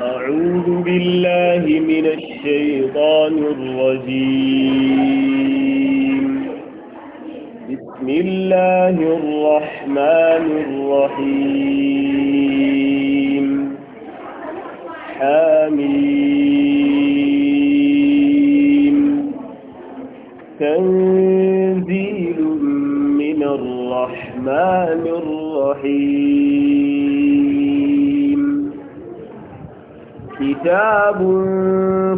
أعوذ بالله من الشيطان الرجيم بسم الله الرحمن الرحيم حميم تنزيل من الرحمن الرحيم كتاب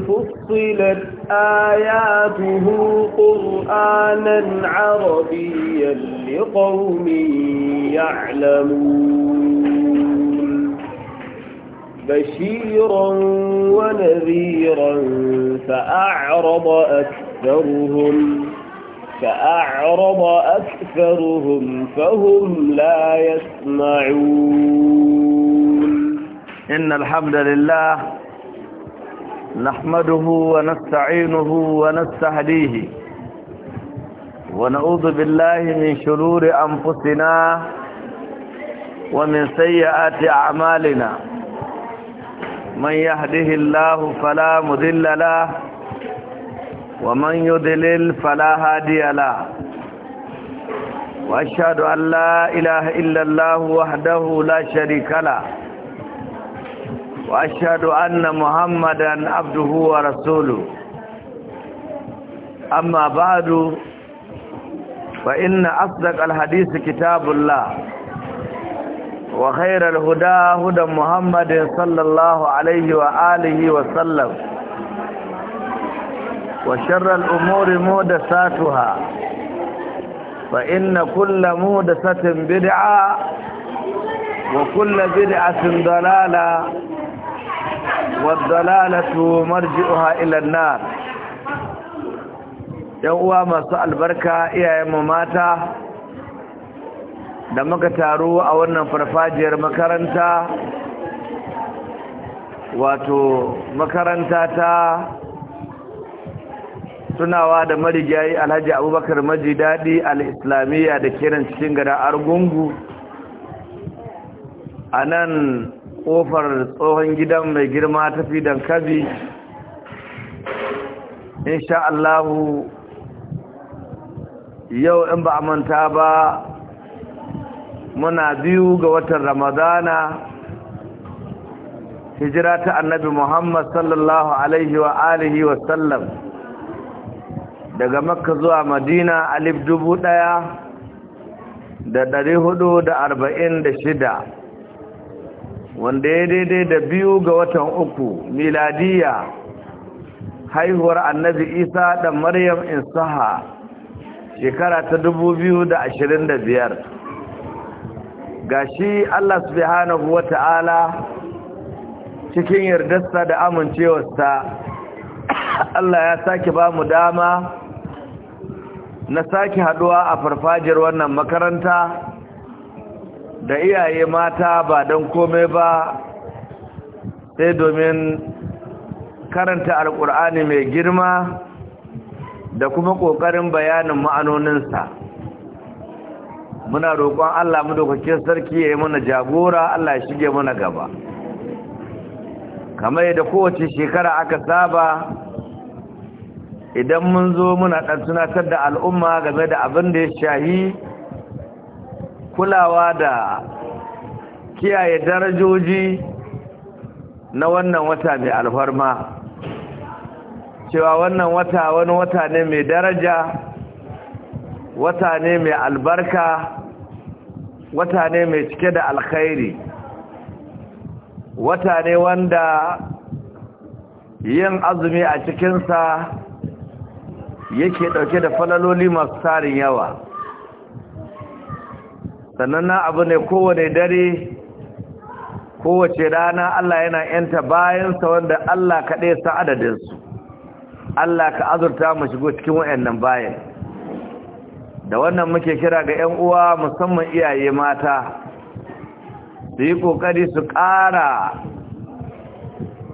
فصلت آياته قرآنا عربيا لقوم يعلمون بشيرا ونذيرا فأعرض أكثرهم فأعرض أكثرهم فهم لا يسمعون إن الحمد لله نحمده ونستعينه ونستهديه ونعوذ بالله من شرور أنفسنا ومن سيئات أعمالنا من يهده الله فلا مذل له ومن يذلل فلا هادي له وأشهد أن لا إله إلا الله وحده لا شريك له وأشهد أن محمدا عبده ورسوله أما بعد فإن أصدق الحديث كتاب الله وخير الهدى هدى محمد صلى الله عليه وآله وسلم وشر الأمور مودساتها فإن كل مودسة بدعة وكل بدعة ضلالة والضلالة مرجعها إلى النار uwa masu albarka mu mata da muka taru a wannan farfajiyar makaranta wato makaranta ta tunawa da marigayi alhaji abubakar majidadi al-islamiyya da kiran cikin gada argungu a nan kofar tsohon gidan mai girma ta fi dankazi insha Allahu yau in ba a manta ba muna biyu ga watan ramadana hijira ta annabi muhammad sallallahu alaihi wa alihi wa sallam daga makka zuwa madina alif dubu daya da dari hudu da arba'in da shida wanda ya daidai da biyu ga watan uku miladiya haihuwar annabi isa da maryam insaha shekara ta da ashirin da biyar. shi allah subhanahu wa ta'ala cikin yardarsa da amincewarsa allah ya sake ba mu dama na sake haduwa a farfajiyar wannan makaranta da iyaye mata ba don komai ba sai domin karanta Alƙur'ani mai girma da kuma ƙoƙarin bayanin ma'anoninsa muna roƙon Allah mu dokokin sarki ya yi mana jagora Allah ya shige mana gaba kamar yadda kowace shekara aka saba idan mun zo muna ɗan tunatar da al'umma game da abin da ya shahi kulawa da kiyaye darajoji na wannan wata mai alfarma cewa wannan wata wani wata ne mai daraja wata ne mai albarka wata ne mai cike da alkhairi wata ne wanda yin azumi a cikinsa yake dauke da falaloli masu tarin yawa sannan na abu ne kowane dare kowace rana Allah yana yanta bayansa wanda Allah kaɗai sa adadinsu Allah ka azurta mu shigo cikin wayannan bayan da wannan muke kira ga 'yan uwa musamman iyaye mata su yi ƙoƙari su ƙara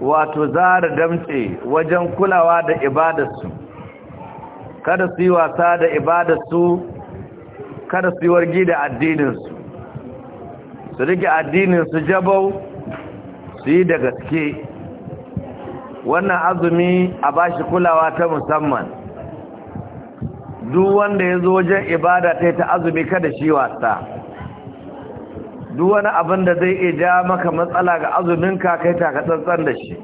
wato zara damce wajen kulawa da ibadarsu kada su yi wasa da ibadarsu kada su yi wargi da addininsu su rike addininsu jabau su yi da gaske wannan azumi a bashi kulawa ta musamman duk wanda ya zo wajen ibada ta ta azumi kada shi wasa duk wani abin da zai iya ja maka matsala ga azuminka kai ta tsantsan da shi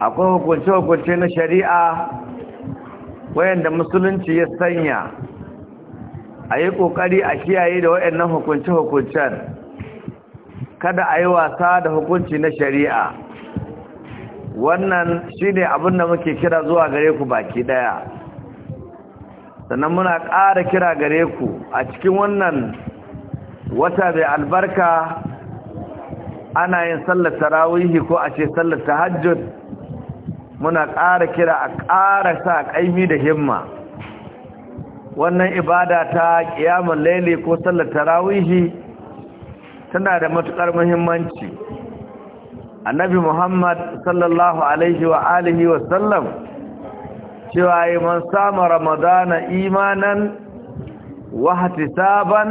akwai hukunce-hukunce na shari'a wayanda musulunci ya sanya a yi ƙoƙari a kiyaye da waɗannan hukunce-hukuncen kada a yi wasa da hukunci na shari'a wannan shi ne abin da muke kira zuwa gare ku baki ɗaya sannan muna ƙara kira gare ku a cikin wannan wata mai albarka ana yin sallar tarawihi ko a ce sallar tahajjud muna ƙara kira a ƙara sa ƙaimi da himma wannan ibada ta kiyamun laili ko sallar tarawihi tana da matuƙar muhimmanci annabi muhammad sallallahu alaihi wa alihi wa sallam cewa yi man samu ramadana imanan wa hatisaban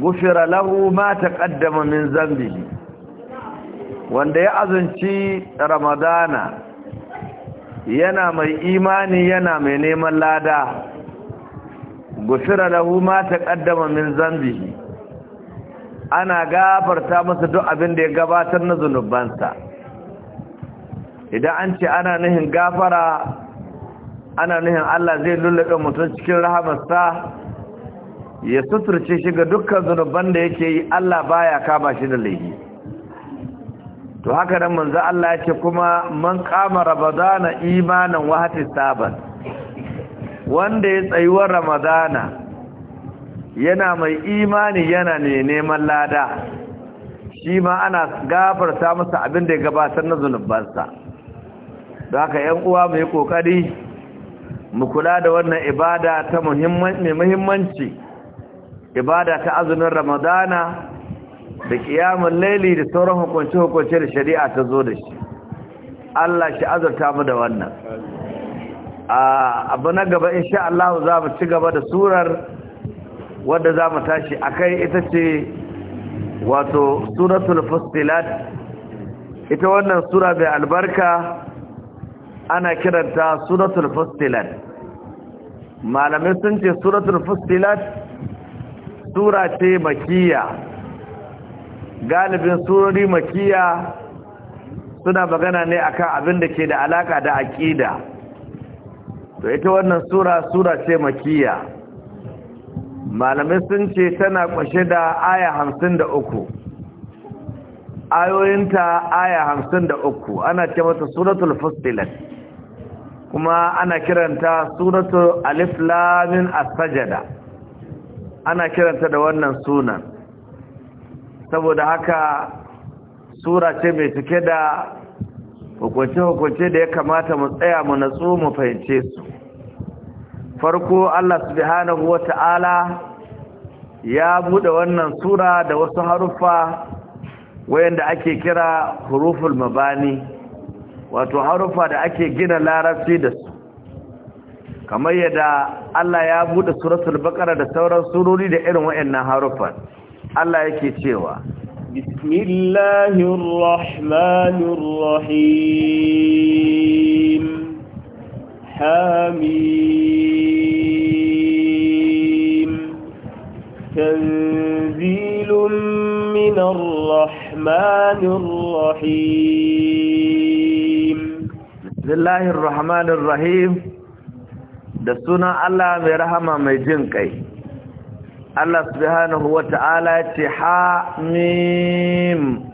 gufira lahu ma taqaddama min zambihi wanda ya azunci ramadana yana mai imani yana mai neman lada gufira lahu ma taqaddama min zambihi ana gafarta masa duk abin da ya gabatar na zunubansa idan an ce ana nihin gafara ana nihin Allah zai lullaka mutum cikin rahamarsa ya suturce shi ga dukkan zunuban da yake yi Allah baya kama shi da laifi to haka nan manzo Allah yake kuma man qama rabadana imanan wa hatisaban wanda ya tsayuwar ramadana yana mai imani yana ne neman lada shi ma ana gafarta masa abin da ya gabatar na zunubansa da haka yan uwa mu yi kokari mu kula da wannan ibada ta muhimmanci ibada ta azumin ramadana da kiyamun laili da sauran hukunce-hukunce da shari'a ta zo da shi Allah shi azurta mu da wannan abu na gaba insha Allah za mu ci gaba da surar wadda za mu tashi a kai ita ce wato suratul fustilat ita wannan sura mai albarka ana kiranta suratul fustilat malamai sun ce suratul fustilat sura ce makiya galibin surori makiya suna magana ne akan abin da ke da alaka da aƙida to ita wannan sura sura ce makiya malamai sun ce tana kwashe da aya hamsin da uku ayoyinta aya hamsin da uku ana ce mata suratul fustilat kuma ana kiranta suratul alif lamin asajada ana kiranta da wannan sunan saboda haka sura ce mai cike da hukunce-hukunce da ya kamata mu tsaya mu natsu mu fahimce su farko Allah subhanahu Ta'ala ya buɗe wannan sura da wasu haruffa wayanda ake kira huruful mabani wato haruffa da ake gina larabci da su kamar yadda Allah ya buɗe suratul baqara da sauran surori da irin wayannan haruffa Allah yake cewa بسم الله الرحمن الرحيم حميم تنزيل من الرحمن الرحيم بسم الله الرحمن الرحيم da الله برحمة مجنكي Allah subhanahu wa ta'ala ce ha mim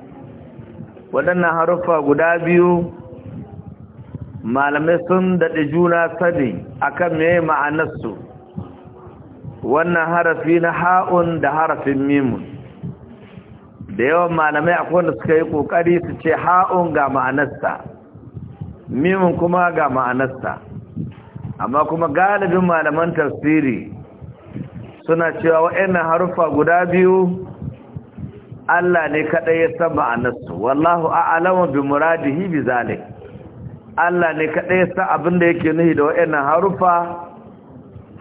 waɗannan harufa guda biyu malamai sun daɗe juna sani akan me ma'anarsu wannan harafi na ha'un da harafin mimun da yawan malamai akwai wanda suka yi ƙoƙari su ce ha'un ga ma'anarsa mimun kuma ga ma'anarsa amma kuma galibin malaman tafsiri suna cewa wa'annan harufa guda biyu Allah ne kaɗai ya san ma'anarsu wallahu a'lamu bi muradihi bi zalik Allah ne kaɗai ya san abin da yake nuhi da wa'annan harufa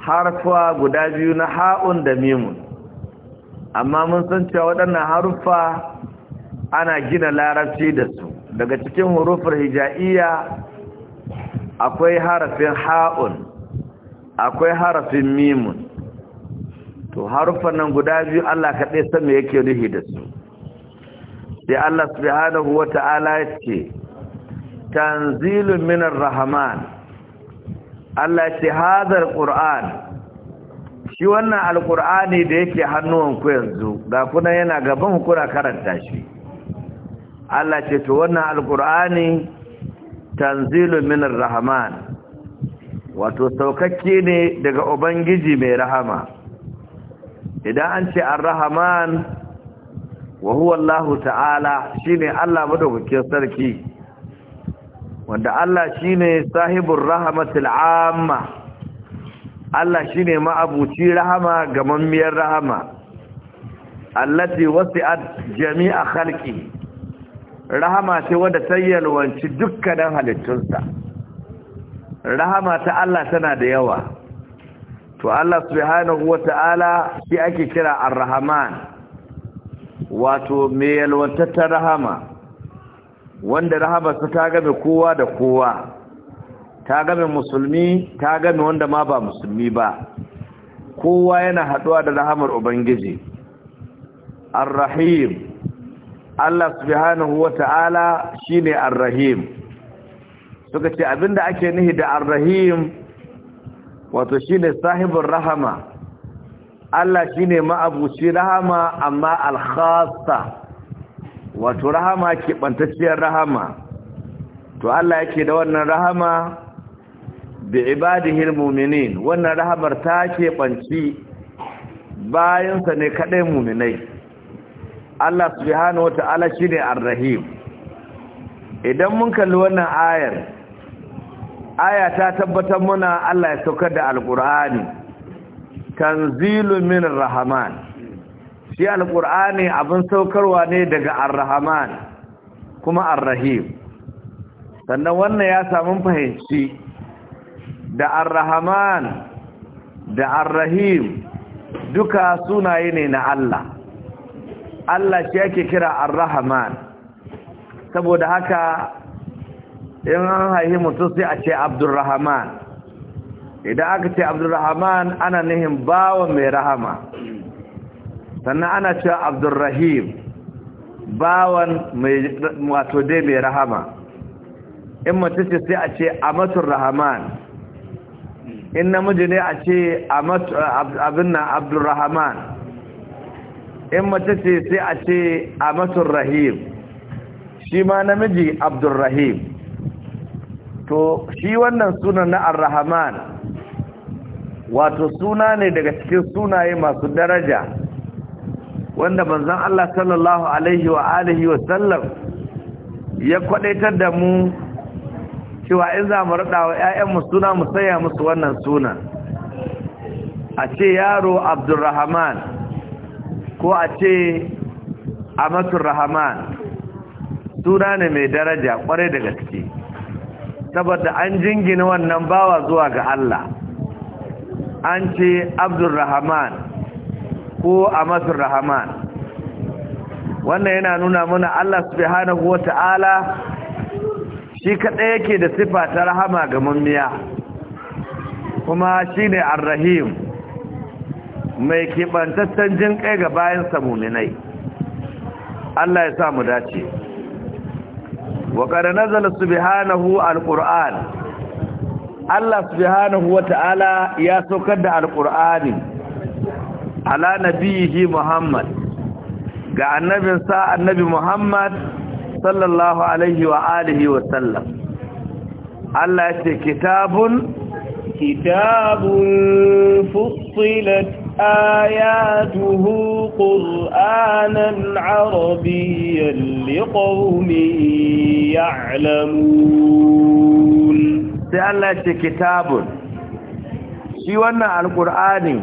harfa guda biyu na ha'un da mimun amma mun san cewa waɗannan harufa ana gina larabci da su daga cikin hurufar hija'iyya akwai harafin ha'un akwai harafin mimun to haruffan nan guda biyu Allah kaɗai san me yake nufi da su sai Allah subhanahu wata'ala ya ce tanzilun minar rahman Allah ya ce hadar qur'an shi wannan alqur'ani da yake hannuwanku yanzu ga kuna yana gaban na karanta shi Allah ce to wannan alqur'ani tanzilun minar rahman wato saukakke ne daga ubangiji mai rahama idan an ce ar-rahman wa huwa Allah ta'ala shine Allah madaukakin sarki wanda Allah shine sahibur rahmatil amma Allah shine ma'abuci rahama ga mammiyar rahama allati wasi'at jami'a khalqi rahama ce wanda ta yalwanci dukkanin halittunsa rahama ta Allah tana da yawa to Allah subhanahu wata'ala shi ake kira ar-rahman wato mai ta rahama wanda rahama su ta game kowa da kowa ta game musulmi ta game wanda ma ba musulmi ba kowa yana haduwa da rahamar ubangiji ar-rahim Allah subhanahu wata'ala shine ar-rahim suka ce abinda ake nihi da ar-rahim wato shine sahibin rahama Allah shine ma'abuci rahama amma al-khassa wato rahama ke bantacciyar rahama to Allah yake da wannan rahama bi ibadihi al-mu'minin wannan rahamar ta ke banci bayansa ne kadai mu'minai Allah subhanahu wata'ala shine ar-rahim idan mun kalli wannan ayar aya ta tabbatar muna Allah ya saukar da alkur'ani tanzilu min rahman shi alkur'ani abin saukarwa ne daga ar-rahman kuma ar-rahim sannan wannan ya samu fahimci da ar-rahman da ar-rahim duka sunaye ne na Allah Allah shi ake kira ar-rahman saboda haka in an haihi mutum sai a ce abdurrahman idan aka ce abdurrahman ana nihin bawan mai rahama sannan ana cewa abdurrahim bawan mai wato dai mai rahama in mutum ce sai a ce amatur rahman in namiji ne a ce abin na abdurrahman in mace ce sai a ce amatur rahim shi ma namiji abdurrahim to shi wannan sunan na ar-rahman wato suna ne daga cikin sunaye masu daraja wanda manzon Allah sallallahu alaihi wa alihi wa sallam ya kwadaitar da mu cewa in za mu rada wa mu suna mu saya musu wannan sunan a ce yaro abdurrahman ko a ce Amatur Rahman suna ne mai daraja kwarai da gaske saboda an jingina wannan bawa zuwa ga Allah an ce abdurrahman ko amasur rahman wannan yana nuna mana Allah subhanahu wata'ala shi kaɗai yake da sifa ta rahama ga mummiya kuma shi ne arrahim mai keɓantattan jin ƙai ga bayan samuninai Allah ya sa mu dace wa qad nazala subhanahu alquran Allah subhanahu ta'ala ya saukar da alqur'ani ala nabiyihi Muhammad ga annabinsa annabi Muhammad sallallahu alaihi wa alihi wa sallam Allah ya ce kitabun kitabun آياته قرآنا عربيا لقوم يعلمون سألت كتاب سيوانا القرآن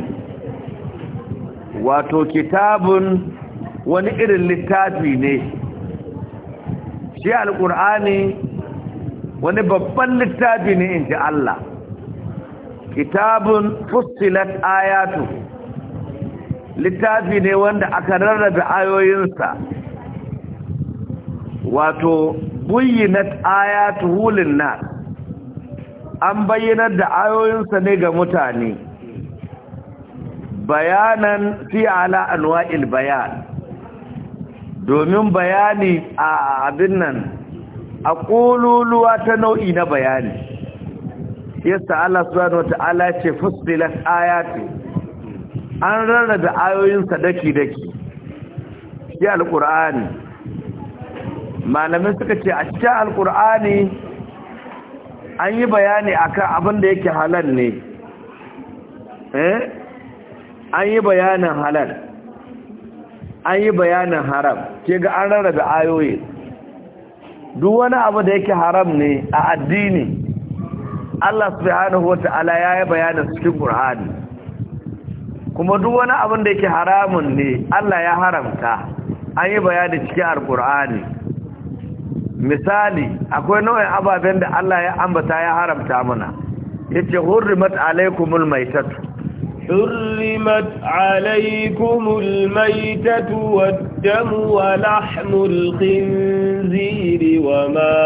واتو كتاب ونئر للتاتوين شيء القرآن ونببل للتاتوين إن شاء الله kitabun fussilat ayatu littafi ne wanda aka rarrabe ayoyinsa wato Ayatu ayatuhu linnas an bayyanar da ayoyinsa ne ga mutane bayanan fi ala anwa'il bayan domin bayani a abin nan a ƙululuwa ta nau'i na bayani yasta Allah subhanahu wata'ala ce fusilat ayatu an rarrabe ayoyinsa daki-daki shi alkur'ani malamin suka ce a cikin alkur'ani an yi bayani akan abin da yake halal ne eh an yi bayanin halal an yi bayanin haram ke ga an rarrabe ayoyi duk wani abu da yake haram ne a addini Allah subhanahu wa ta'ala ya yi bayanin cikin Qur'ani kuma duk wani abin da yake haramun ne Allah ya haramta an yi bayani cikin alkur'ani misali akwai nau'in ababen da Allah ya ambata ya haramta mana yace hurrimat alaikumul maitatu حرمت عليكم الميتة والدم ولحم الخنزير وما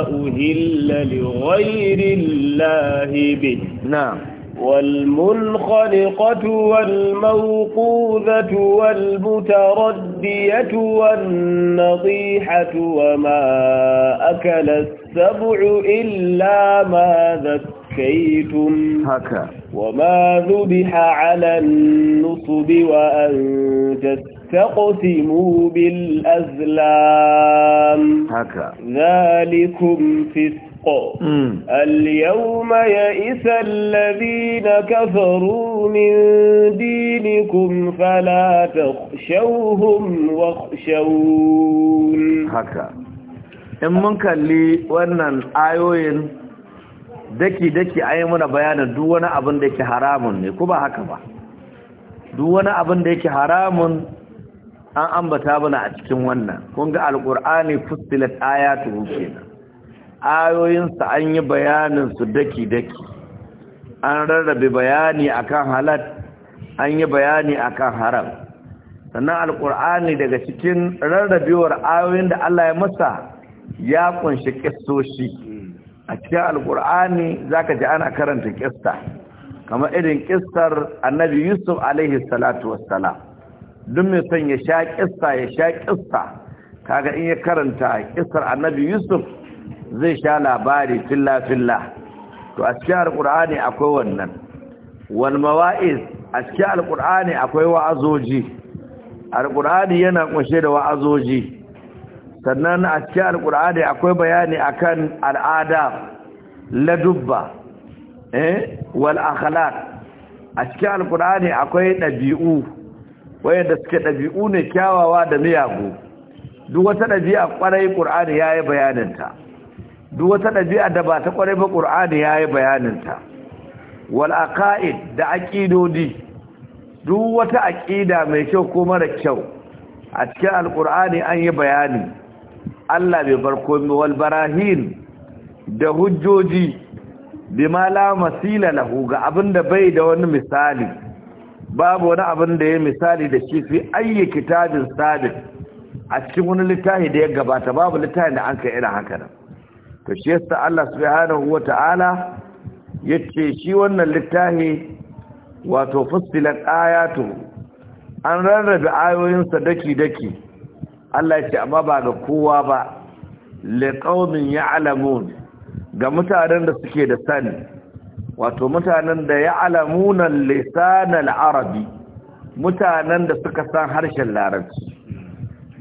أهل لغير الله به نعم والمنخلقة والموقوذة والمتردية والنطيحة وما أكل السبع إلا ما ذكيتم هكا وما ذبح على النصب وأن تستقسموا بالأزلام هكا ذلكم السبع الحق اليوم يئس الذين كفروا من دينكم فلا تخشوهم واخشون haka in mun kalli wannan آيوين daki daki ayi بيانا bayanin duk wani abin da yake haramun دوانا أبن ba haka yake haramun an ambata bana a cikin wannan kun ga alqur'ani fustilat ayatu kenan ayoyinsa an yi bayaninsu daki-daki an rarrabe bayani akan halal an yi bayani akan haram sannan alƙur'ani daga cikin rarrabewar ayoyin da Allah ya masa ya kunshi kissoshi a cikin alkur'ani zaka ji ana karanta kissa kamar irin kissar annabi yusuf alaihi salatu wassalam duk mai son ya sha kissa ya sha kissa kaga in ya karanta kissar annabi yusuf zai sha labari filla-filla to a cikin alkur'ani akwai wannan wal mawa'iz a cikin alkur'ani akwai wa'azoji alkur'ani yana kunshe da wa'azoji sannan a cikin alkur'ani akwai bayani akan al'ada ladubba eh wal akhlaq a cikin alkur'ani akwai dabi'u da suke dabi'u ne kyawawa da miyagu duk wata dabi'a kwarai qur'ani yayi bayaninta duk wata ɗabi'a da ba ta ƙwarai ba ƙur'ani ya yi bayaninta wal aqaid da aƙidodi duk wata aƙida mai kyau ko mara kyau a cikin alƙur'ani an yi bayani Allah bai bar komai wal barahin da hujjoji bima la masila lahu ga abinda bai da wani misali babu wani abin da ya misali da shi fi ayyi kitabin sabit a cikin wani littafi da ya gabata babu littafin da an kai irin haka nan to shi yasa Allah subhanahu wata'ala yace shi wannan littafi wato fussilat ayatu an rarrabe ayoyin sa daki daki Allah yace amma ba ga kowa ba liqaumin ya'lamun ga mutanen da suke da sani wato mutanen da ya'lamuna al arabi mutanen da suka san harshen larabci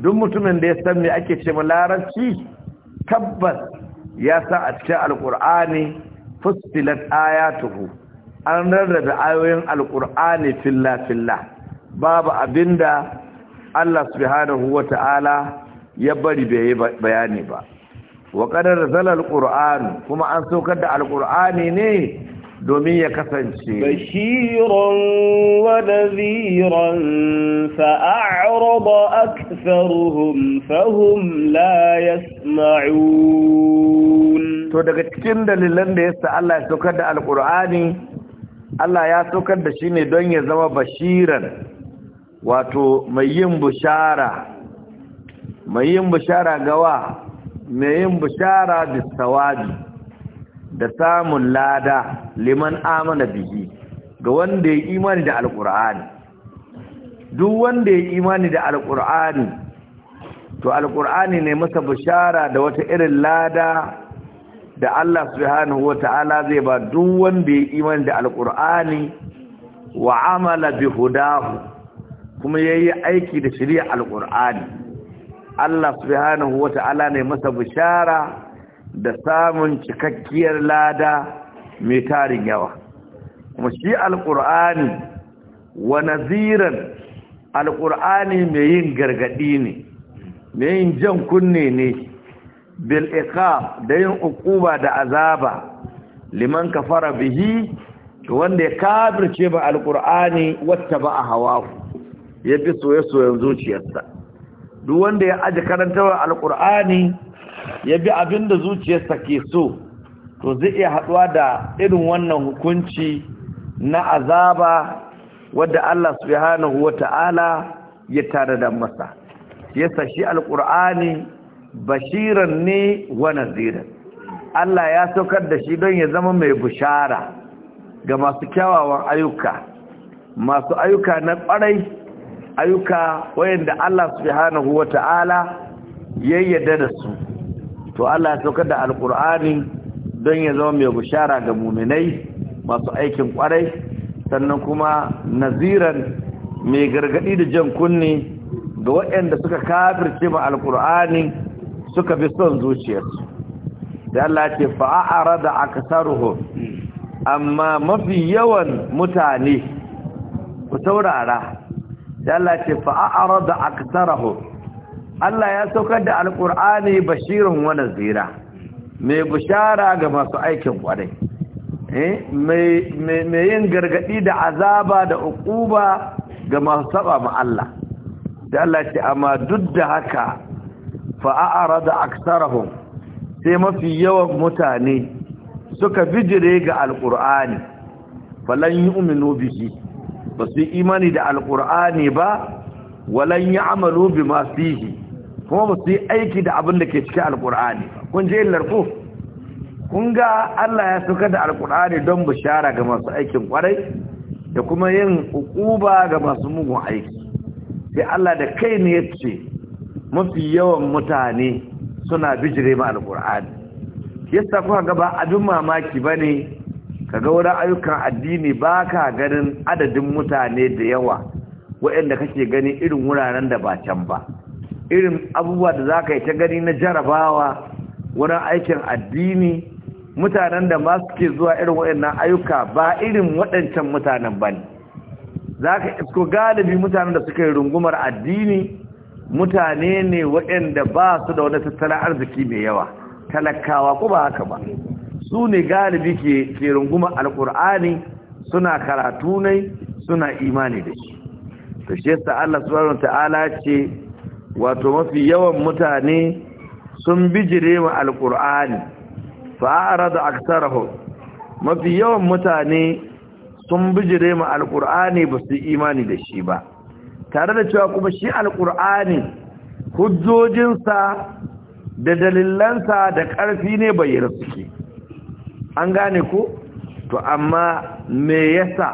duk mutumin da ya san me ake cewa larabci tabbas ya sa a cikin alkur'ani fustilat ayatuhu an rarrabe ayoyin alkur'ani filla filla babu abin da Allah subhanahu ta'ala ya bari bai yi bayani ba wa qadar zalal qur'an kuma an saukar da alkur'ani ne domin ya kasance bashiran wa nadhiran fa'arada aktharuhum fahum la yasma'un to daga cikin dalilan da yasa Allah ya saukar da alqur'ani Allah ya saukar da shi ne don ya zama bashiran wato mai yin bushara mai yin bushara gawa mai yin bushara bisawabi da samun lada liman amana bihi ga wanda ya imani da alkur'ani duk wanda ya imani da alkur'ani to alkur'ani ne masa bishara da wata irin lada da Allah subhanahu ta'ala zai ba duk wanda ya imani da alkur'ani wa amala bi hudahu kuma yayi aiki da shari'a alkur'ani Allah subhanahu ta'ala ne masa bishara da samun cikakkiyar lada mai tarin yawa kuma shi alƙur'ani wa naziran alƙur'ani mai yin gargaɗi ne mai yin jan kunne ne bil'iƙa da yin ukuba da azaba liman ka fara bihi wanda ya kabirce ba alƙur'ani wata ba a hawa ya fi soye-soyen zuciyarsa duk wanda ya aji karantawa alƙur'ani ya bi abin da zuciyarsa ke so to zai iya haɗuwa da irin wannan hukunci na azaba wadda Allah subhanahu ya ya da masa ya sashi alqur'ani bashiran ne wani zirin Allah ya saukar da shi don ya zama mai bushara ga masu kyawawan ayyuka masu ayyuka na ƙwarai ayyuka wayanda Allah subhanahu ta'ala yayyada da su to Allah ya saukar da Alkur'ani don ya zama mai bishara ga muminai masu aikin kwarai sannan kuma naziran mai gargadi da jan kunne ga waɗanda suka kafirce ma alqur'ani suka bi son zuciyarsu da Allah ce fa'arada aksaruhum amma mafi yawan mutane ku saurara da Allah ce fa'arada aksaruhum Allah ya saukar da Alkur'ani bashirin wani zira. mai bishara ga masu aikin kwarai eh, mai yin gargaɗi da azaba da uquba ga masu saba ma Allah da Allah ce amma duk da haka fa da aksarahun sai mafi yawan mutane suka bijire ga alqur'ani falan yu'minu ba basu imani da Alkur'ani ba walan ya'malu bima fihi kuma ba yi aiki da abin da ke cikin alkur'ani kun je larko kun ga Allah ya suka da alkur'ani don bishara ga masu aikin kwarai da kuma yin ukuba ga masu mugun aiki sai Allah da kai ne ya ce mafi yawan mutane suna bijire ma alkur'ani yasa kuka ga ba abin mamaki bane kaga wurin ayyukan addini ba ka ganin adadin mutane da yawa waɗanda kake gani irin wuraren da ba can ba irin abubuwa da za ka yi ta gani na jarabawa wurin aikin addini mutanen da ma suke zuwa irin waɗannan ayyuka ba irin waɗancan mutanen ba ne za ka isko galibi mutanen da suka yi rungumar addini mutane ne waɗanda ba su da wani tattalin arziki mai yawa talakawa ko ba haka ba su ne galibi ke rungumar alkur'ani suna karatu ne suna imani da shi to shi Allah subhanahu wa ce wato mafi yawan mutane sun bijire ma alkur'ani fa'ara da aksarahun mafi yawan mutane sun bijire ma alkur'ani ba su imani da shi ba tare da cewa kuma shi alkur'ani hujjojinsa da dalilansa da ƙarfi ne bayyana suke an gane ko to amma me yasa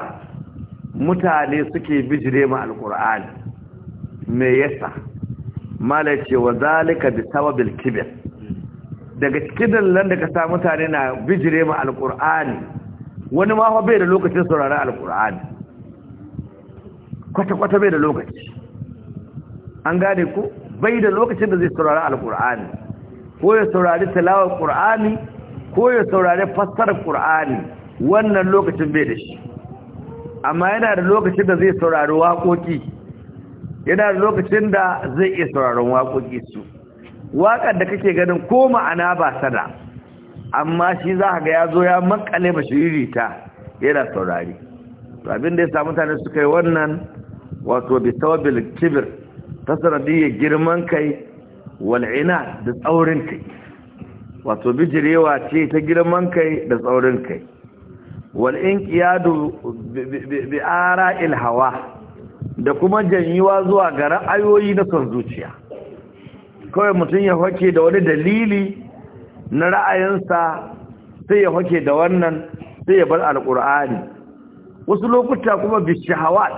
mutane suke bijire ma alkur'ani me yasa mala ce wa zalika bi sababil kibir daga cikin dalilan da ka sa mutane na bijire ma alqur'ani wani ma fa bai da lokacin saurara alqur'ani kwata kwata bai da lokaci an gane ku bai da lokacin da zai saurara alqur'ani ko ya saurari tilawar qur'ani ko ya saurari fassarar qur'ani wannan lokacin bai da shi amma yana da lokacin da zai saurari waƙoƙi yana da lokacin da zai iya sauraron waƙoƙi su waƙar da kake ganin ko ma'ana ba sana amma shi za ga ya zo ya makale mashiriri ta yana saurari abin da ya samu mutane suka yi wannan wato bi tawabil kibir ta sanadiyyar girman kai wal'ina da tsaurin kai wato bijirewa ce ta girman kai da tsaurin kai wal'in kiyadu bi ara ilhawa da kuma janyiwa zuwa ga ra'ayoyi na son zuciya kawai mutum ya hake da wani dalili na ra'ayinsa sai ya hake da wannan sai ya bar alkur'ani wasu lokuta kuma bishahawat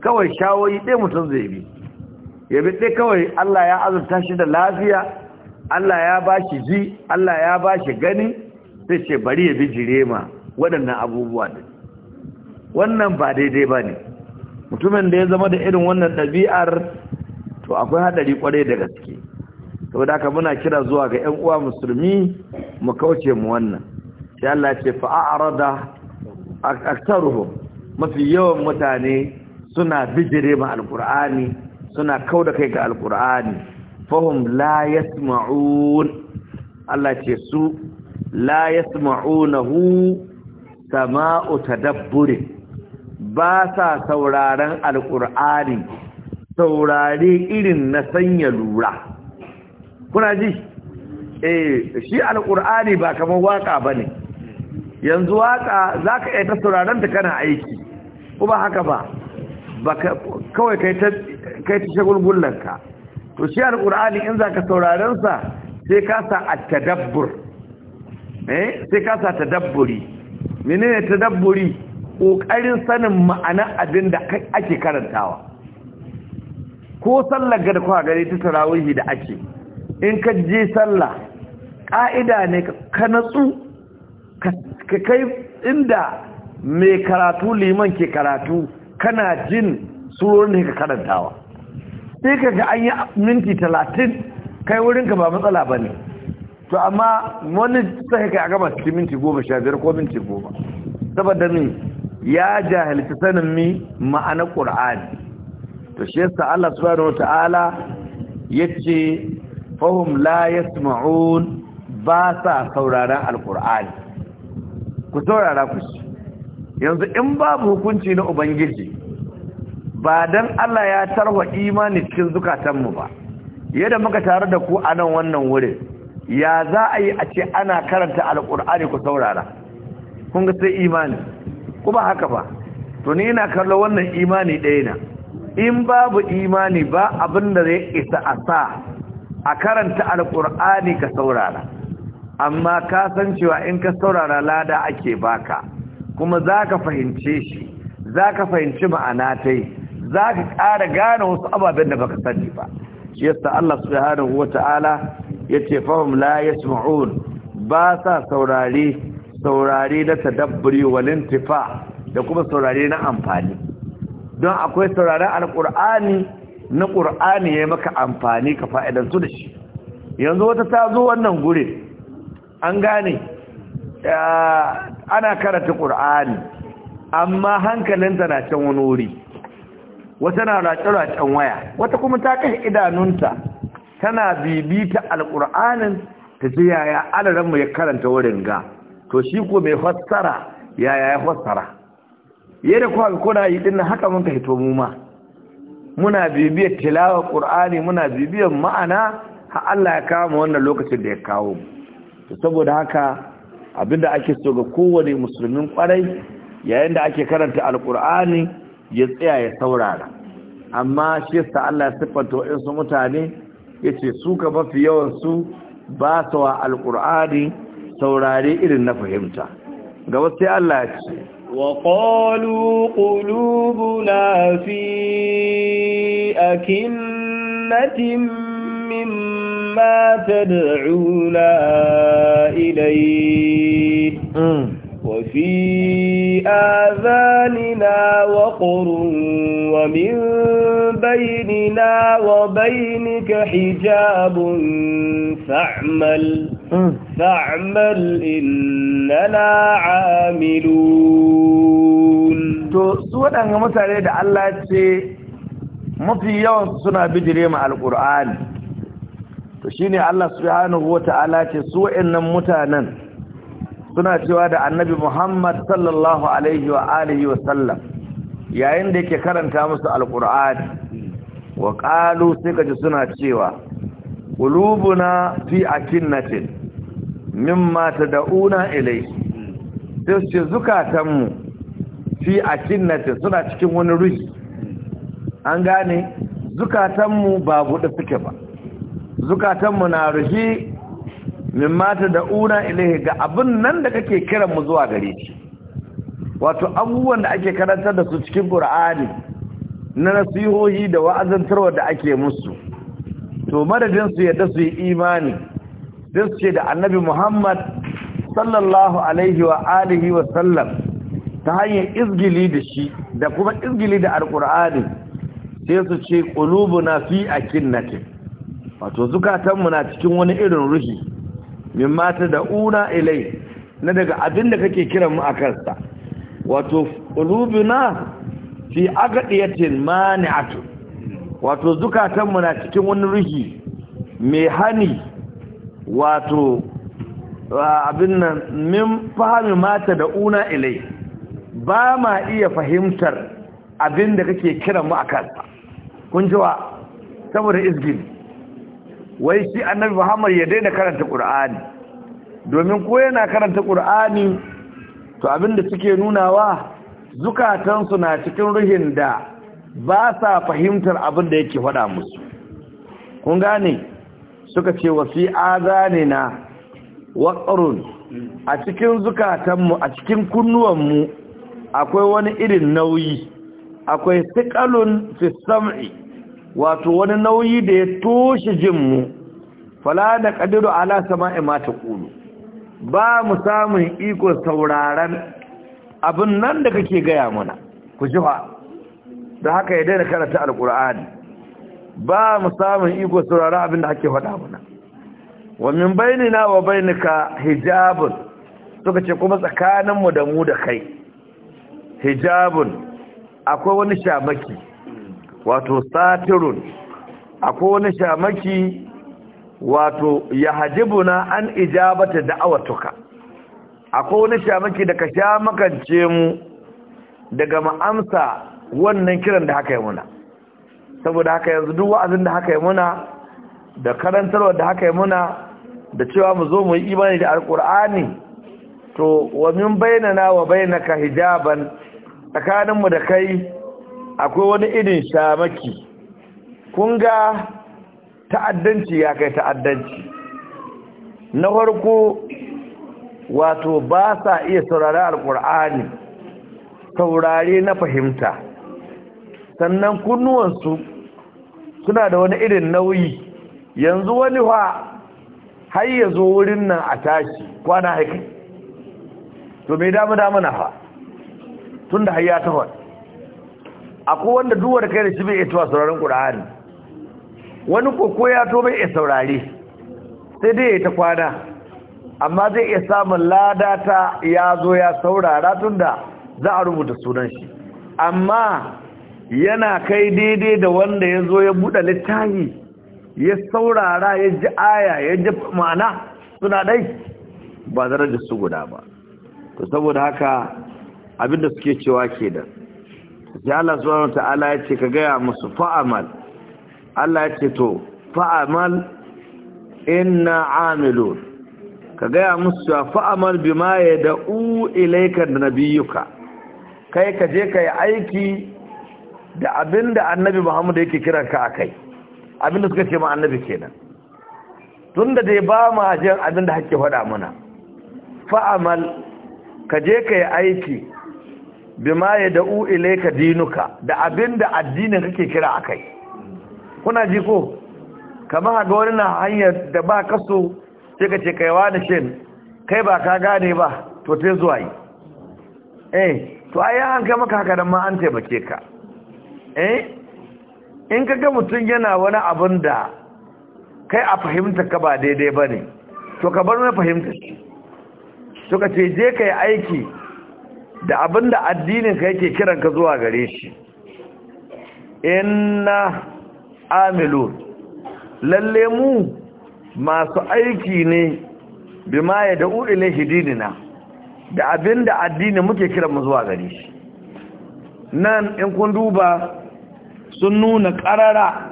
kawai shawoyi ɗaya mutum zai bi ya bi ɗaya kawai Allah ya azurta shi da lafiya Allah ya ba shi ji Allah ya ba shi gani sai ce bari ya bi jirema waɗannan abubuwa ne wannan ba daidai ba ne mutumin da ya zama da irin wannan ɗabi'ar to akwai haɗari kwarai da gaske saboda haka muna kira zuwa ga 'yan uwa musulmi mu kauce mu wannan sai Allah ce fa a'rada aktaruhum mafi yawan mutane suna bijire ma alqur'ani suna kauda kai ga alqur'ani fahum la yasma'un Allah ce su la yasma'unahu sama'u tadabburi ba sa sauraren alƙur'ani saurare irin na sanya lura kuna ji eh shi alƙur'ani ba kamar waka ba ne yanzu waka za ka iya ta sauraron ta kana aiki ko ba haka ba kawai kai ta shagulgullanka to shi alƙur'ani in za ka saurarensa sai ka sa a eh sai ka sa tadabburi menene tadabburi ƙoƙarin sanin ma'anar abin da ake karantawa ko sallar gada da gari gare ta tarawihi da ake in ka je sallah ƙa'ida ne ka natsu ka kai inda mai karatu liman ke karatu kana jin tsoron ne ka karantawa sai ka ga an yi minti talatin kai wurin ka ba matsala ba ne to amma wani sai ka gama cikin minti goma sha biyar ko minti goma saboda min ya jahilci sanin mi ma'ana qur'ani to shi yasa Allah subhanahu wataala yace fahum la yasma'un ba sa sauraron alqur'ani ku saurara ku yanzu in babu hukunci na ubangiji ba dan Allah ya tarwa imani cikin zukatanmu ba yadda muka tare da ku a nan wannan wurin ya za a yi a ce ana karanta alƙur'ani ku saurara kun ga sai imani ko ba haka ba to ni ina kallo wannan imani ɗaya na in babu imani ba abin da zai isa a sa a karanta alkur'ani ka saurara amma ka san cewa in ka saurara lada ake baka kuma za ka fahimce shi za ka fahimci ma'ana ta yi za ka ƙara gane wasu ababen da baka sani ba shi yasta Allah subhanahu wata'ala ya ce fahim la yasma'un ba sa saurari. saurare na tadabburi lintifa da kuma saurare na amfani don akwai sauraren alkur'ani na ƙur'ani ya maka amfani ka fa'idansu da shi yanzu wata ta zo wannan gure an gane ana karanta ƙur'ani amma hankalinta na can wani wuri wata na race raƙen waya wata kuma ta kashe idanunta tana bibita alƙur'anin ta ce yaya alaranmu ya karanta wurin ga to shi ko mai fassara yaya ya fassara da kuwa kuna yi din haka mun ka hito mu ma muna bibiyar tilawa qur'ani muna bibiyar ma'ana ha Allah ya kawo wannan lokacin da ya kawo to saboda haka abinda ake so ga kowane musulmin kwarai yayin da ake karanta alqur'ani ya tsaya ya saurara amma shi sa Allah ya siffanta wa'insu mutane yace su ka mafi yawan su ba su alqur'ani saurare irin na fahimta ga wasu Allah ce wa qalu qulubuna fi akinnatin mimma tad'una ilayhi mm. وفي آذاننا وقر ومن بيننا وبينك حجاب فاعمل فاعمل إننا عاملون to su waɗanda mutane da Allah ce mafi yawan suna bijire ma alƙur'ani to shine Allah subhanahu wata'ala ce su waɗannan mutanen suna cewa da annabi Muhammad sallallahu alaihi wa alihi wa sallam yayin da yake karanta musu alqur'ani wa qalu sai kaje suna cewa qulubuna fi akinnatin mimma tad'una ilai sai ce zukatanmu fi akinnatin suna cikin wani ruhi an gane zukatanmu ba buɗe suke ba zukatanmu na ruhi min mata da una ilaihi ga abin nan da kake kiran mu zuwa gare shi wato abubuwan da ake karantar da su cikin qur'ani na nasihohi da wa'azantarwa da ake musu to madadin su yadda su imani sai ce da annabi Muhammad sallallahu alaihi wa alihi wa sallam ta hanyar izgili da shi da kuma izgili da alqur'ani sai su ce qulubuna fi akinnati wato zukatanmu na cikin wani irin ruhi min mata da una ilai na daga abin da kake kiran mu a kansa wato ulubuna fi agadiyatin mani'atu wato zukatanmu na cikin wani ruhi mai hani wato abin nan min fahimi mata da una ilai ba ma iya fahimtar abin da kake kiran mu a kansa kun jiwa saboda izgini wai shi annabi muhammad ya daina karanta qur'ani. domin ko yana karanta qur'ani, to abinda suke nunawa zukatansu na cikin ruhin da ba sa fahimtar abin da yake faɗa musu kun gane suka ce wasi azane na waƙarun a cikin zukatanmu a cikin kunnuwan mu akwai wani irin nauyi akwai siqalun fi sam'i wato wani nauyi da ya toshe jinmu fala da ƙadiru ala sama'i ma ta ƙulu ba mu samun iko sauraron abin nan da kake gaya mana ku jiha da haka ya daina karanta alkur'ani ba mu samun iko sauraron abin da ake faɗa mana wa min bainina wa bainika hijabun suka ce kuma tsakaninmu da mu da kai hijabun akwai wani shamaki wato satirun akwai wani shamaki wato ya hajibuna an ijabata da'awatuka akwai wani shamaki da ka sha makance mu daga ma'amsa wannan kiran da haka yi muna saboda haka yanzu duk wa'azin da haka yi muna da karantarwa da haka yi muna da cewa mu zo mu yi imani da alkur'ani to wa min bainana wa ka hijaban tsakaninmu da kai akwai wani irin shamaki kun ga ta'addanci ya kai ta'addanci na farko wato ba sa iya saurari alkur'ani saurare na fahimta sannan kunnuwansu suna da wani irin nauyi yanzu wani wa har ya zo wurin nan a tashi kwana haiki to mai damu damu na fa tun da har ya akwai wanda duwar kai da shi bai ita sauraron ƙur'ani wani koko ya to bai iya saurare sai dai ya ta kwana amma zai iya samun lada ta ya zo ya saurara tunda za a rubuta sunan shi amma yana kai daidai da wanda ya zo ya buɗe littafi ya saurara ya ji aya ya ji ma'ana suna dai ba zarar da su guda ba to saboda haka abinda suke cewa kenan ya Allah subhanahu ta'ala ya ce ka gaya musu fa'amal Allah ya ce to fa'amal inna amilun ka gaya musu fa'amal bima na biyu nabiyuka kai ka je ka yi aiki da abinda annabi Muhammad yake kiran ka kai akai abinda suka ce ma annabi kenan tunda dai ba ma abin da hake faɗa mana fa'amal ka je ka yi aiki bima ya da'u ilaika dinuka da abinda addinin kake kira akai kuna ji ko kamar ga wani na hanyar da ba kaso sai ka ce kaiwa da shin kai ba ka gane ba to te zuwa yi eh to ai an kai maka haka dan ma an taimake ka eh in ka ga mutum yana wani abin da kai a fahimta ka ba daidai bane to ka bar mai fahimta shi to ka ce je kai aiki da abinda da addininka yake kiranka zuwa gare shi inna amilu lalle mu masu aiki ne ma ya da'u ilaihi dinina da abinda da addini muke kiran mu zuwa gare shi nan in kun duba sun nuna karara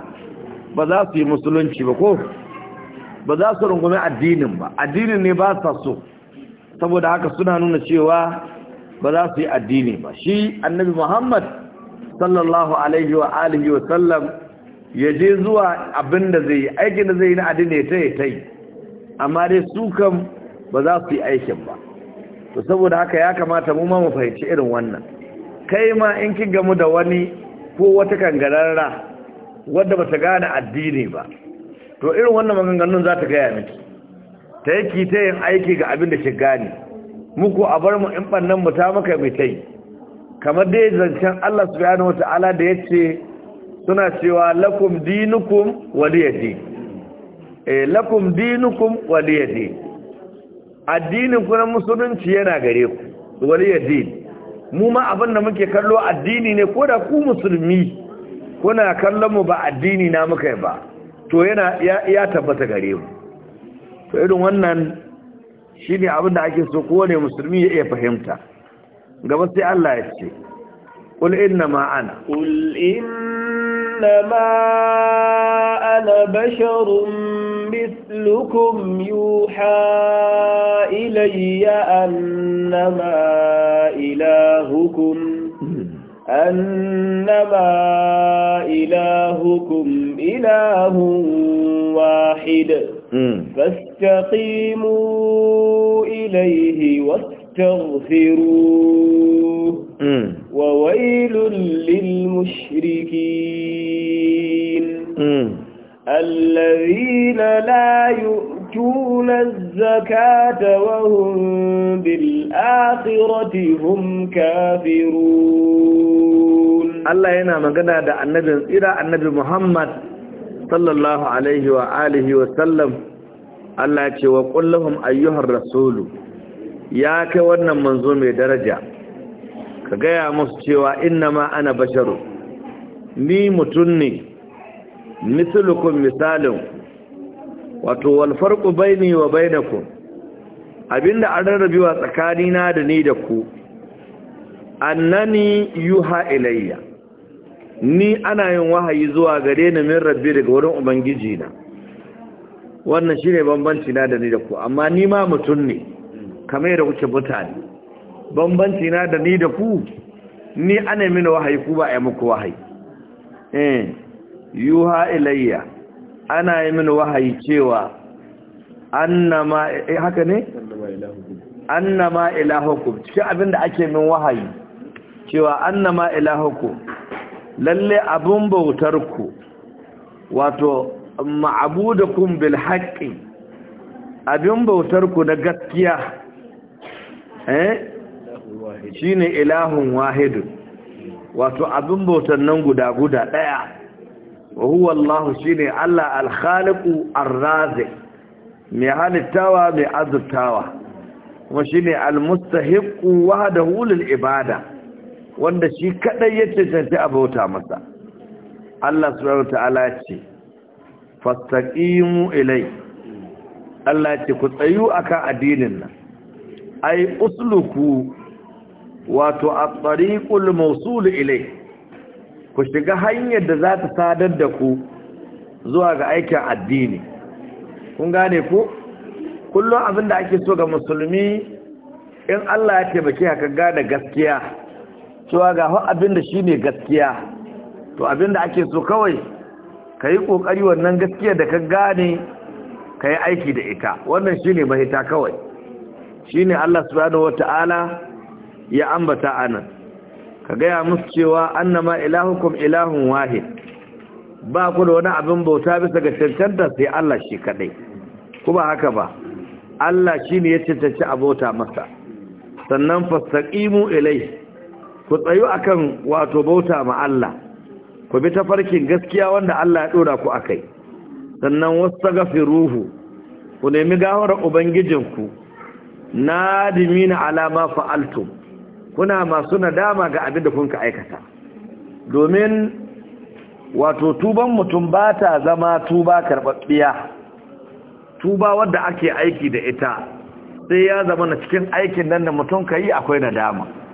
ba za su yi musulunci ba ko ba za su rungumi addinin ba addinin ne ba sa so saboda haka suna nuna cewa ba za su yi addini ba shi annabi muhammad sallallahu alaihi wa alihi wa sallam ya je zuwa abin da zai yi aikin da zai yi na addini ta yi ta amma dai su kan ba za su yi aikin ba to saboda haka ya kamata mu ma mu fahimci irin wannan kai ma in kin gamu da wani ko wata kangararra wadda ba ta gane addini ba to irin wannan maganganun za ta gaya miki ta yi ta yin aiki ga abin da ke gane muku a bar mu in bannan mu ta maka mai tai kamar dai zancen Allah subhanahu wataala da yace suna cewa lakum dinukum waliyadi eh lakum dinukum waliyadi addinin ku na musulunci yana gare ku waliyadi mu ma abin da muke kallo addini ne ko da ku musulmi kuna kallon mu ba addini na muka ba to yana ya tabbata gare mu to irin wannan shi ne abin da ake so kowane musulmi ya iya fahimta gaba sai Allah ya ce ƙul inna ma'ana ƙul inna ma'ana basharun mislukum yuha ilayya annama ilahukum أنما إلهكم إله واحد فاستقيموا إليه واستغفروه وويل للمشركين الذين لا يؤتون الزكاة وهم بالآخرة هم كافرون الله ينعم قد النبي إلى النبي محمد sallallahu alaihi wa alihi wa sallam Allah ce wa kullahum ayyuhar rasulu ya kai wannan manzo mai daraja ka gaya musu cewa innama ana basharu ni mutum ne mislukum misalin wato wal farqu baini wa bainakum abinda an rarrabewa tsakanina da ni da ku annani yuha ilayya ni ana yin wahayi zuwa gare ni min rabbi daga wurin ubangiji na wannan shine bambanci na da ni da ku amma ni ma mutum ne kamar da kuke mutane bambanci na da ni da ku ni ana mini wahayi ku ba a yi muku wahayi eh yuha ilayya ana yi mini wahayi cewa annama eh haka ne annama ilahukum cikin abinda ake min wahayi cewa annama ilahukum lalle abun bautarku, ku wato ma'abudakum bil haqqi abin bautar na gaskiya eh shine ilahun wahid wato abin bautar nan guda guda daya wa huwa Allah shine Allah al khaliq ar razik mai halittawa mai azurtawa kuma shine al-mustahiqu wahdahu lil ibada wanda shi kadai yace tafi a bauta masa Allah subhanahu ta'ala ce fastaqimu ilai Allah ce ku tsayu akan addinin nan ay usluku wato at-tariqul mawsul ilai ku shiga hanyar da za ta sadar da ku zuwa ga aikin addini kun gane ku kullum abin da ake so ga musulmi in Allah ya taimake ka gane gaskiya cewa ga abin da shi ne gaskiya to abinda ake so kawai ka yi ƙoƙari wannan gaskiya da ka gane ka yi aiki da ita wannan shi ne mahita kawai shi ne Allah subhanahu wa ta'ala ya ambata a nan ka gaya musu cewa annama ma'ilahukum ilahun wahid ba ku da wani abin bauta bisa ga cancanta sai Allah shi kaɗai kuma haka ba Allah shi ne ya cancanci abota masa sannan ƙimu ilai ku tsayu akan wato bauta ma Allah ku bi ta tafarkin gaskiya wanda Allah ya dora ku akai sannan wastaghfiruhu ku nemi gawar ubangijinku nadimina ala ma fa'altum kuna masu nadama ga abin da kunka aikata domin wato tuban mutum ba ta zama tuba karbabbiya, tuba wadda ake aiki da ita sai ya zama na cikin aikin nan da mutum ka akwai nadama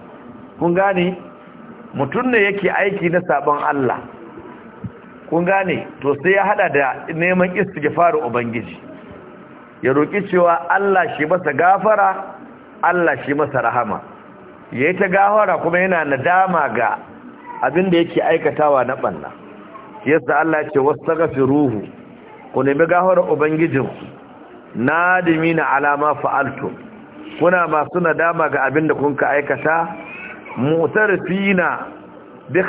kun gane mutum ne yake aiki na sabon Allah kun gane to sai ya hada da neman istighfar ubangiji ya roki cewa Allah shi masa gafara Allah shi masa rahama yayi ta gafara kuma yana nadama ga abin da yake aikatawa na banna yasa Allah ya ce wastaghfiruhu ku nemi gafara ubangijinku nadimina alama fa'altu. kuna masu nadama ga abin da kun ka aikata fina bi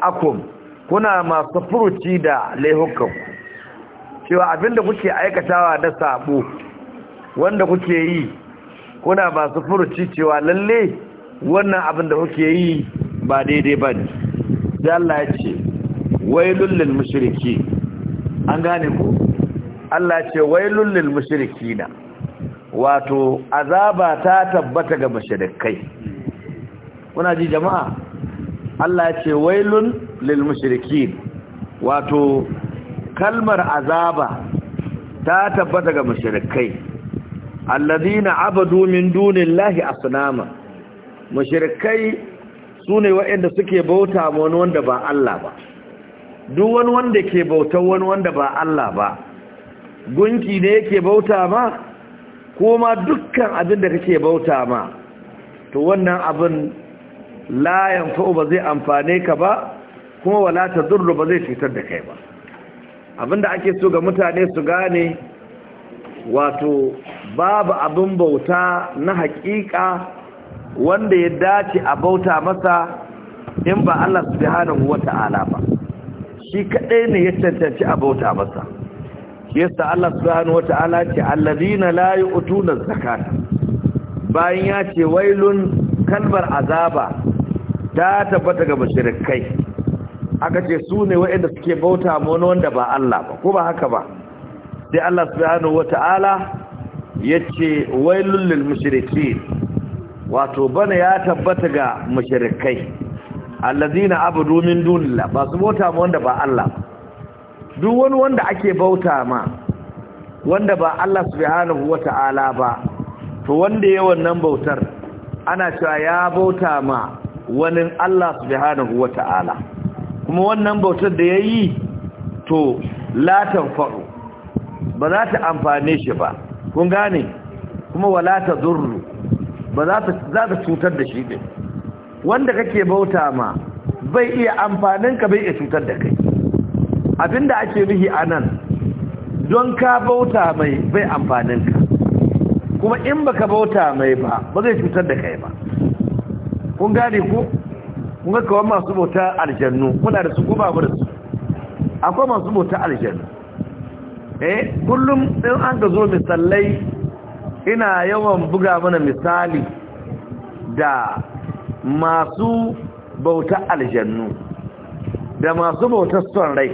akum kuna masu furuci da laihukan cewa abinda kuke aikatawa na sabo wanda kuke yi kuna masu furuci cewa lalle wannan abin da kuke yi ba daidai ba ne da Allah ya ce wailul lil mushriki an gane ku Allah ya ce wailul lil mushrikina wato azaba ta tabbata ga mushrikai kuna ji jama'a Allah ya ce wailun lil mushrikin wato kalmar azaba ta tabbata ga mushrikai alladhina abadu min dunillahi asnama mushrikai sune waɗanda suke bauta ma wani wanda ba Allah ba duk wani wanda ke bauta wani wanda ba Allah ba gunki ne yake bauta ma kuma dukkan abin da kake bauta ma to wannan abin la yanfa'u ba zai amfane ka ba kuma wala tadurru ba zai cutar da kai ba abinda ake so ga mutane su gane wato babu abin bauta na haƙiƙa wanda ya dace a bauta masa in ba Allah subhanahu wata'ala ba shi kaɗai ne ya cancanci a bauta masa yasa Allah subhanahu wata'ala ce allazina la yu'tuna zakata bayan ya ce wailun kalmar azaba ta tabbata ga mashirikai. aka ce su ne waɗanda suke bauta mono wanda ba Allah ba ko ba haka ba sai Allah subhanahu wata'ala ce wailul lil mushrikeen wato bana ya tabbata ga mushrikai allazina abudu min dunillah ba su bauta mono wanda ba Allah duk wani wanda ake bauta ma wanda ba Allah subhanahu wata'ala ba to wanda ya wannan bautar ana cewa ya bauta ma wani Allah subhanahu Ta'ala kuma wannan bautar da ya yi to latan faru ba za ta amfane shi ba kun gane kuma wa lata zurru ba za ta cutar da shi ne wanda kake bauta ma bai iya amfanin ka bai iya cutar da kai abinda ake a nan don ka bauta mai bai amfanin ka kuma in baka bauta mai ba ba zai cutar da kai ba kun gane ku kun ga kawai masu bauta aljannu kuna da su kuma ba su akwai masu bauta aljannu eh kullum in an ga zo misalai ina yawan buga mana misali da masu bauta aljannu da masu bauta son rai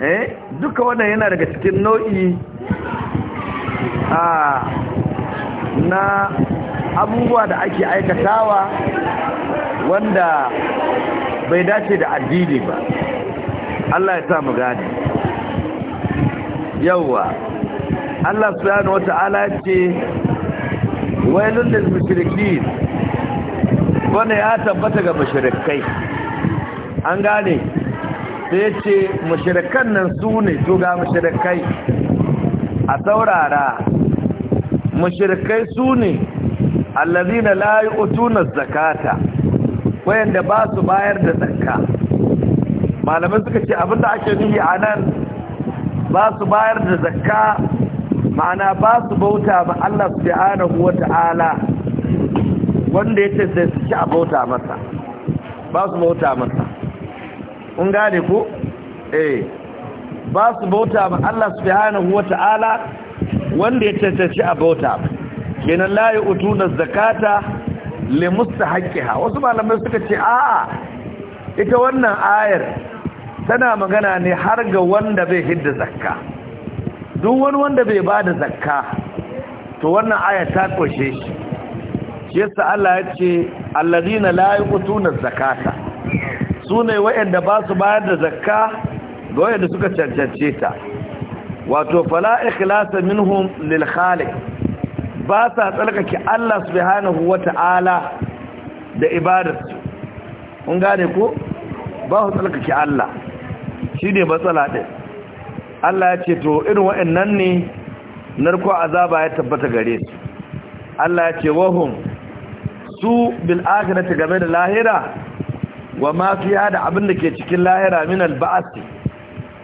eh duka wannan yana daga cikin nau'i a ah, na abubuwa da ake aikatawa wanda bai dace da addini ba Allah ya sa mu gane yawwa Allah subhanahu wata'ala ce Wai lil mushrikeen wanda ya tabbata ga mashirikai? an gane sai ya ce mushrikan nan su ne to ga mushrikai a saurara mashirikai su ne allazina la yu'tuna zakata wayanda ba su bayar da zakka malaman suka ce abinda ake nufi anan ba su bayar da zakka ma'ana ba su bauta ba Allah subhanahu wata'ala wanda ya ce sai su ci a bauta masa ba su bauta masa kun gane ko eh ba su bauta ba Allah subhanahu wata'ala wanda ya ce sai su ci a bauta masa kenan la yu'tuna zakata li mustahaqqiha wasu malamai suka ce a'a ita wannan ayar tana magana ne har ga wanda bai hidda zakka duk wani wanda bai bada zakka to wannan aya ta koshe shi shi yasa Allah ya ce alladhina la yu'tuna zakata sune wayanda ba su bayar da zakka ga wayanda suka cancance ta wato fala ikhlasa minhum lil khaliq ba sa tsarkake Allah subhanahu wata'ala da ibadarsu kun gane ko ba su tsarkake Allah shi ne matsala ɗin Allah ya ce to irin waɗannan ne narko azaba ya tabbata gare su Allah ya ce wahun su bil akhirati game da lahira wa ma da abin da ke cikin lahira min al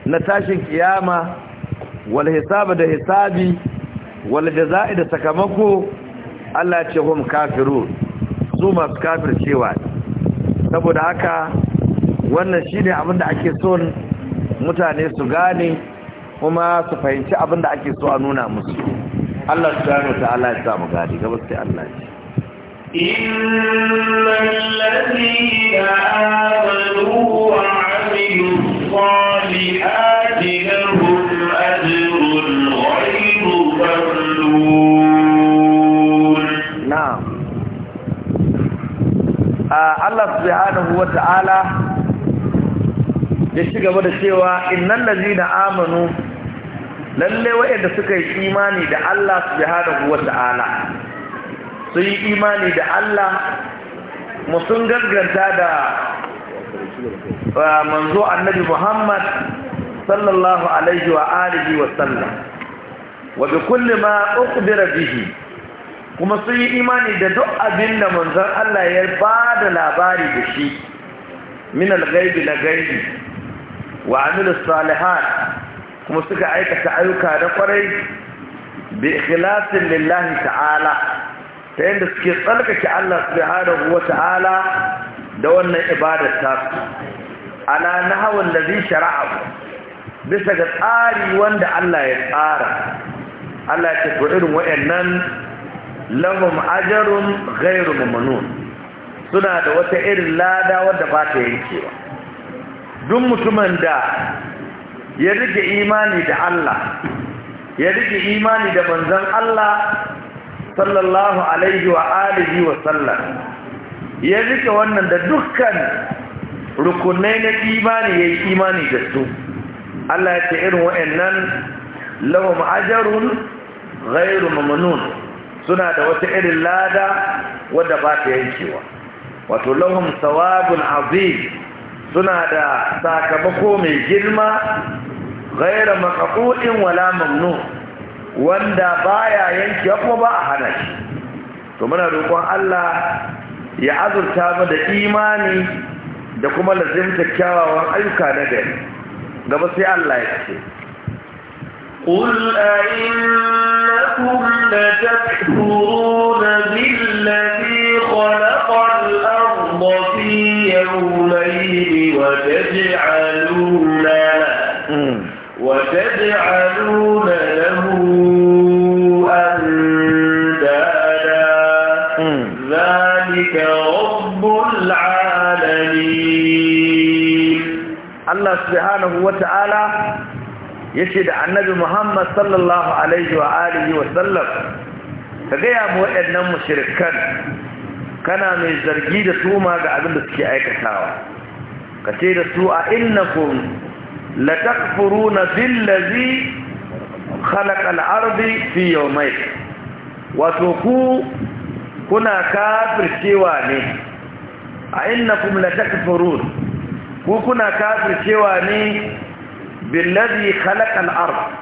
na tashin kiyama wal hisaba da hisabi wal jaza'i da sakamako Allah ce hum kafiru su masu cewa saboda haka wannan shine abin da ake son mutane su gane kuma su fahimci abin da ake so a nuna musu Allah subhanahu wa ta'ala ya sa mu gane gaba sai Allah ya إن الذين آمنوا وعملوا الصالحات لهم Allah subhanahu wa ta'ala ya ci gaba da cewa innal lazina amanu lalle wa'anda suka yi imani da Allah subhanahu wa sun yi imani da Allah mu sun ganganta da ah, manzo annabi Muhammad sallallahu alaihi wa alihi wa sallam wa bi kulli ma uqdira bihi kuma sun yi imani da duk abin da manzon Allah ya ba da labari da shi min al na gaibi wa amilu salihat kuma suka aikata ayyuka da kwarai bi ikhlasin lillahi ta'ala ta yadda suke tsarkake Allah subhanahu wa ta'ala da wannan ibadar ta ala da zai shara'a bisa ga tsari wanda Allah ya tsara Allah ya tafi irin wayannan lahum ajrun ghairu mamnun suna da wata irin lada wanda ba ta yankewa duk mutumin da ya rike imani da Allah ya rike imani da manzon Allah sallallahu alaihi wa alihi wa sallam ya rike wannan da dukkan rukunai na imani ya yi imani da su Allah ya ce irin wa'annan lahum ajrun ghairu mamnun suna da wata irin lada wadda ba ta yankewa wato lahum sawabun azim suna da sakamako mai girma gaira makaƙuɗin wala mamnu wanda baya yankewa kuma ba a hana shi to muna roƙon Allah ya azurta mu da imani da kuma lazimta kyawawan ayyuka na gari gaba sai Allah ya ce قل أئنكم لتكفرون بالذي خلق الأرض في يومين وتجعلون وتجعلون له أندادا ذلك رب العالمين الله سبحانه وتعالى yace da annabi Muhammad sallallahu alaihi wa alihi wa sallam ka gaya mu waɗannan mushrikan kana mai zargi da su ma ga abin da suke aikatawa ka ce da su a innakum la takfuruna billazi khalaqa al-ardi fi yawmayn wato ku kuna cewa ne a innakum la takfurun ku kuna cewa ne بالذي خلق الارض ard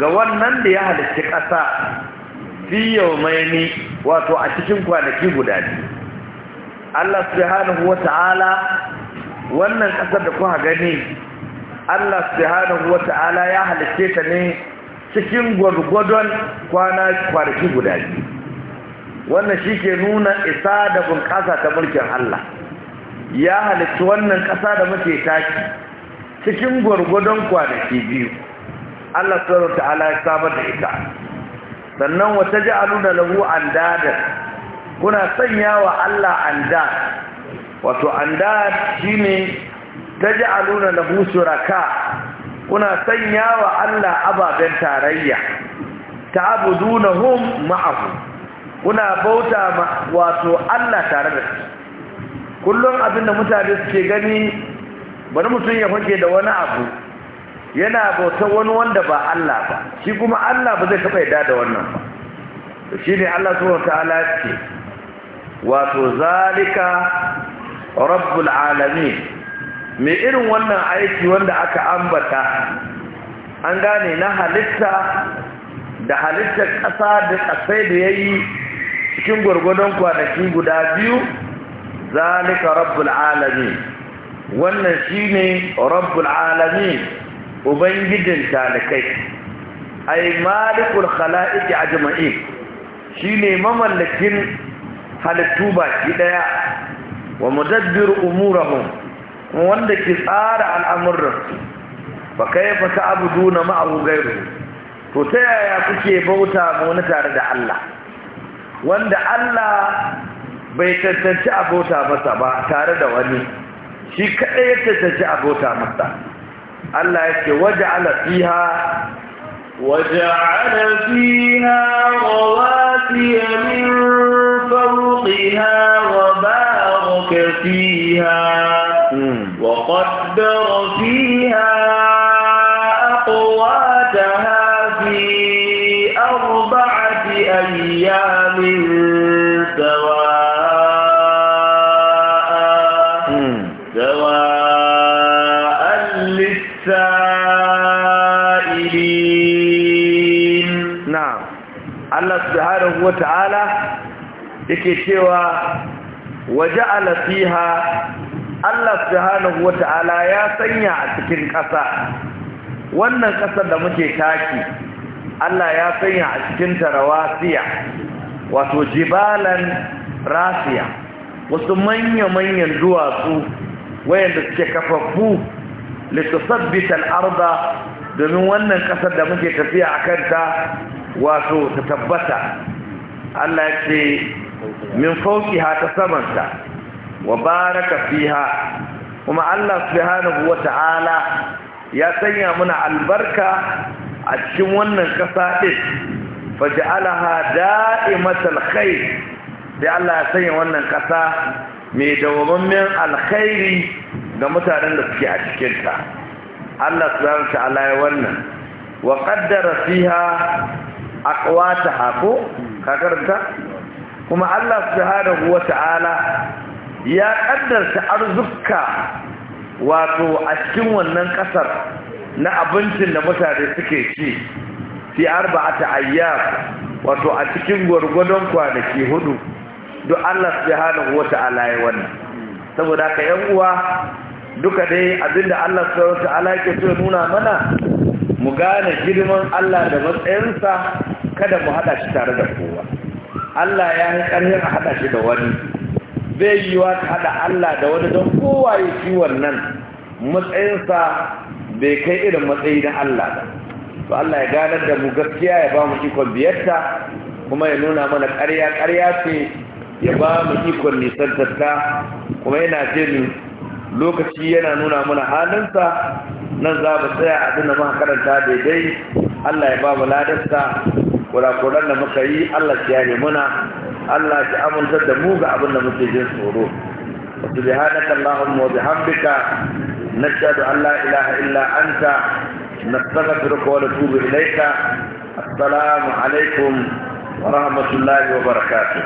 ga wannan da ya halicci ƙasa واتو yawmaini wato a cikin kwanaki guda biyu Allah wannan ƙasar da kuka gani Allah subhanahu wata'ala ya halicce ta ne cikin gwargwadon kwana kwanaki guda biyu wannan shi ke nuna isa da bunƙasa ta mulkin Allah ya halicci wannan ƙasa da muke taki cikin gwargwadon kwanaki biyu Allah subhanahu ta'ala ya samar da ita sannan wata ja'aluna lahu andada kuna sanya wa Allah anda. wato anda shine taj'aluna lahu suraka. kuna sanya wa Allah ababen tarayya ta'budunhum ma'ahu kuna bauta wato Allah tare da su kullum abinda mutane suke gani bari mutum ya fage da wani abu yana bautar wani wanda ba Allah ba shi kuma Allah ba zai taɓa yadda da wannan ba to shine Allah subhanahu ta'ala ce wato zalika rabbul alamin me irin wannan aiki wanda aka ambata an gane na halitta da halittar ƙasa da ƙasai da yayi cikin gwargwadon kwanaki guda biyu zalika rabbul alamin wannan shine rabbul alamin ubangijin talikai ay malikul khalaiq shi shine mamallakin halittu baki ɗaya wa mudabbir umurahum wanda ke tsara al'amuran fa kayfa ta'buduna ma'ahu gairu, to ta yaya kuke bauta mu tare da Allah wanda Allah bai a abota masa ba tare da wani shi kaɗai ya cancanci abota masa Allah yake waja'ala fiha waja'ala fiha rawatiya min fawqiha wa baraka fiha wa qaddara fiha subhanahu wata'ala yake cewa waja'ala fiha Allah subhanahu wata'ala ya sanya a cikin ƙasa wannan ƙasar da muke taki Allah ya sanya a cikin tarawasiya wato jibalan rasiya wasu manya-manyan duwatsu wayanda suke kafaffu litusabbita al-arda domin wannan ƙasar da muke tafiya a kanta wato ta tabbata Allah ce min fauki ha ta samanta wa baraka fiha kuma Allah subhanahu ya sanya muna albarka a cikin wannan kasa din faj'alaha da'imatal khair sai Allah ya sanya wannan kasa mai dawamammen alkhairi ga mutanen da suke a cikinta Allah subhanahu ta'ala ya wannan wa qaddara fiha aqwataha ko ka karanta kuma Allah subhanahu wa ta'ala ya kaddarta arzuka wato a cikin wannan kasar na abincin da mutane suke ci fi arba'ata ayyam wato a cikin gwargwadon kwanaki hudu duk Allah subhanahu wa ta'ala ya wannan saboda ka yan uwa duka dai abinda Allah subhanahu wa ta'ala yake so nuna mana mu gane girman Allah da matsayinsa kada mu haɗa shi tare da kowa Allah ya yi ƙarfin a haɗa shi da wani Bai yi wa ka haɗa Allah da wani don kowa ya ci wannan matsayinsa bai kai irin matsayi na Allah ba to Allah ya ganar da mu gaskiya ya ba mu ikon biyarta kuma ya nuna mana ƙarya ƙarya ce ya ba mu ikon nisantarta kuma yana jin lokaci yana nuna mana halinsa nan za mu tsaya a duna mun karanta daidai Allah ya ba mu ladarsa kurakuran da muka yi Allah ya yare muna Allah ya amince da mu ga abin da muke jin tsoro subhanaka allahumma wa bihamdika nashhadu an la ilaha illa anta nastaghfiruka wa natubu ilayka assalamu alaikum wa rahmatullahi wa barakatuh